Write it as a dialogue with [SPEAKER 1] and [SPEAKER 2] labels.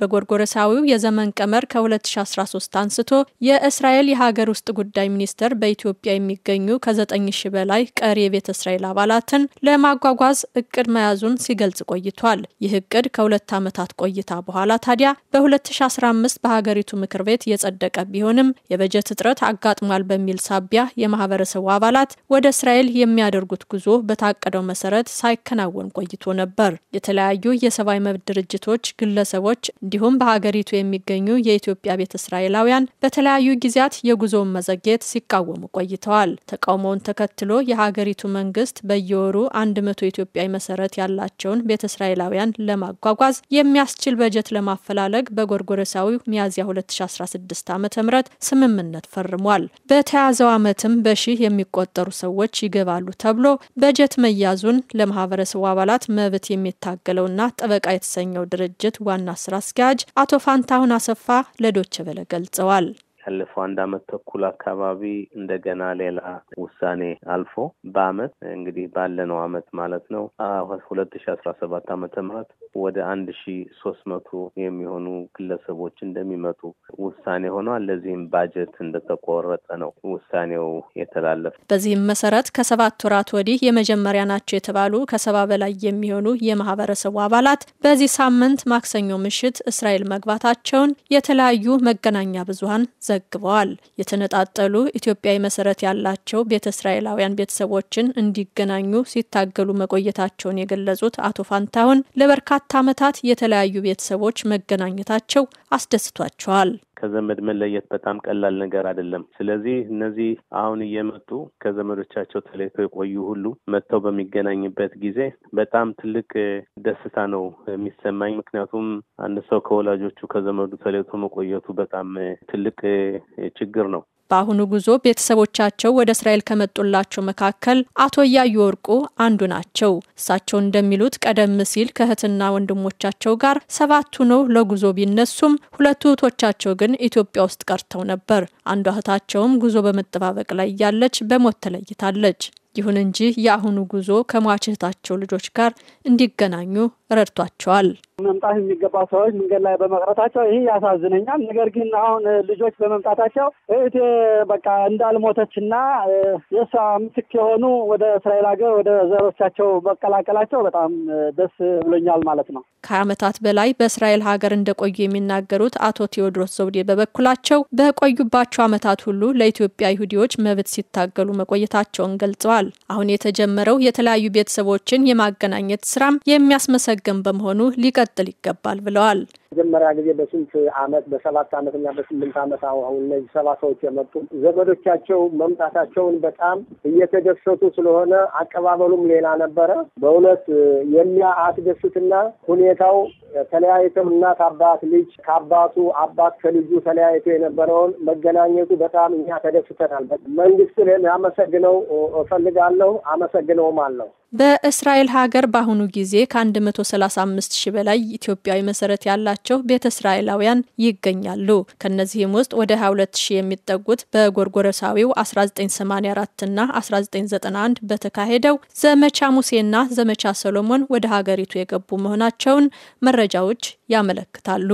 [SPEAKER 1] በጎርጎረሳዊው የዘመን ቀመር ከ2013 አንስቶ የእስራኤል የሀገር ውስጥ ጉዳይ ሚኒስቴር በኢትዮጵያ የሚገኙ ከ9 ሺ በላይ ቀሪ የቤተ እስራኤል አባላትን ለማጓጓዝ እቅድ መያዙን ሲገልጽ ቆይቷል። ይህ እቅድ ከሁለት ዓመታት ቆይታ በኋላ ታዲያ በ2015 በሀገሪቱ ምክር ቤት የጸደቀ ቢሆንም የበጀት እጥረት አጋጥሟል በሚል ሳቢያ የማህበረሰቡ አባላት ወደ እስራኤል የሚያደርጉት ጉዞ በታቀደው መሰረት ሳይከናወን ቆይቶ ነበር። የተለያዩ የሰብአዊ መብት ድርጅቶች፣ ግለሰቦች እንዲሁም በሀገሪቱ የሚገኙ የኢትዮጵያ ቤተ እስራኤላውያን በተለያዩ ጊዜያት የጉዞውን መዘግየት ሲቃወሙ ቆይተዋል። ተቃውሞውን ተከትሎ የሀገሪቱ መንግስት በየወሩ 100 ኢትዮጵያዊ መሰረት ያላቸውን ቤተ እስራኤላውያን ለማጓጓዝ የሚያስችል በጀት ለማፈላለግ በጎርጎረሳዊ ሚያዝያ 2016 ዓ ም ስምምነት ፈርሟል። በተያዘው ዓመትም በሺህ የሚቆጠሩ ሰዎች ይገባሉ ተብሎ በጀት መያዙን ለማህበረሰቡ አባላት መብት የሚታገለውና ጠበቃ የተሰኘው ድርጅት ዋና ስራ አስኪያጅ አቶ ፋንታሁን አሰፋ ለዶቸ ገልጸዋል።
[SPEAKER 2] ካለፈው አንድ አመት ተኩል አካባቢ እንደገና ሌላ ውሳኔ አልፎ በአመት እንግዲህ ባለነው አመት ማለት ነው ሁለት ሺ አስራ ሰባት አመተ ምህረት ወደ አንድ ሺ ሶስት መቶ የሚሆኑ ግለሰቦች እንደሚመጡ ውሳኔ ሆኗል። ለዚህም ባጀት እንደተቆረጠ ነው ውሳኔው የተላለፈ።
[SPEAKER 1] በዚህም መሰረት ከሰባት ወራት ወዲህ የመጀመሪያ ናቸው የተባሉ ከሰባ በላይ የሚሆኑ የማህበረሰቡ አባላት በዚህ ሳምንት ማክሰኞ ምሽት እስራኤል መግባታቸውን የተለያዩ መገናኛ ብዙሀን ዘ ዘግበዋል። የተነጣጠሉ ኢትዮጵያዊ መሰረት ያላቸው ቤተ እስራኤላውያን ቤተሰቦችን እንዲገናኙ ሲታገሉ መቆየታቸውን የገለጹት አቶ ፋንታሁን ለበርካታ ዓመታት የተለያዩ ቤተሰቦች መገናኘታቸው አስደስቷቸዋል።
[SPEAKER 2] ከዘመድ መለየት በጣም ቀላል ነገር አይደለም። ስለዚህ እነዚህ አሁን እየመጡ ከዘመዶቻቸው ተለይቶ የቆዩ ሁሉ መጥተው በሚገናኝበት ጊዜ በጣም ትልቅ ደስታ ነው የሚሰማኝ። ምክንያቱም አንድ ሰው ከወላጆቹ ከዘመዱ ተለይቶ መቆየቱ በጣም ትልቅ ችግር ነው።
[SPEAKER 1] በአሁኑ ጉዞ ቤተሰቦቻቸው ወደ እስራኤል ከመጡላቸው መካከል አቶ እያዩ ወርቁ አንዱ ናቸው። እሳቸው እንደሚሉት ቀደም ሲል ከእህትና ወንድሞቻቸው ጋር ሰባቱ ነው ለጉዞ ቢነሱም ሁለቱ እህቶቻቸው ግን ኢትዮጵያ ውስጥ ቀርተው ነበር። አንዷ እህታቸውም ጉዞ በመጠባበቅ ላይ እያለች በሞት ተለይታለች። ይሁን እንጂ የአሁኑ ጉዞ ከሟች እህታቸው ልጆች ጋር እንዲገናኙ ረድቷቸዋል።
[SPEAKER 3] መምጣት የሚገባ ሰዎች መንገድ ላይ በመቅረታቸው ይህ ያሳዝነኛል። ነገር ግን አሁን ልጆች በመምጣታቸው እህቴ በቃ እንዳልሞተችና የእሷ ምትክ የሆኑ ወደ እስራኤል ሀገር ወደ ዘሮቻቸው መቀላቀላቸው በጣም ደስ ብሎኛል ማለት ነው።
[SPEAKER 1] ከዓመታት በላይ በእስራኤል ሀገር እንደቆዩ የሚናገሩት አቶ ቴዎድሮስ ዘውዴ በበኩላቸው በቆዩባቸው ዓመታት ሁሉ ለኢትዮጵያ ይሁዲዎች መብት ሲታገሉ መቆየታቸውን ገልጸዋል። አሁን የተጀመረው የተለያዩ ቤተሰቦችን የማገናኘት ስራም የሚያስመሰገን በመሆኑ ሊቀጥ ሊቀጥል ይገባል ብለዋል።
[SPEAKER 3] መጀመሪያ ጊዜ በስንት አመት በሰባት አመትና በስምንት አመት አሁን እነዚህ ሰባ ሰዎች የመጡ ዘመዶቻቸው መምጣታቸውን በጣም እየተደሰቱ ስለሆነ አቀባበሉም ሌላ ነበረ። በእውነት የሚያ አስደስትና ሁኔታው ተለያይተው እናት አባት ልጅ ከአባቱ አባት ከልጁ ተለያይቶ የነበረውን መገናኘቱ በጣም እኛ ተደስተናል። መንግስትን ያመሰግነው እፈልጋለሁ፣ አመሰግነውም አለው።
[SPEAKER 1] በእስራኤል ሀገር በአሁኑ ጊዜ ከ135 ሺህ በላይ ኢትዮጵያዊ መሰረት ያላቸው ቤተ እስራኤላውያን ይገኛሉ። ከእነዚህም ውስጥ ወደ 22 ሺህ የሚጠጉት በጎርጎረሳዊው 1984 እና 1991 በተካሄደው ዘመቻ ሙሴና ዘመቻ ሰሎሞን ወደ ሀገሪቱ የገቡ መሆናቸውን መረጃዎች ያመለክታሉ።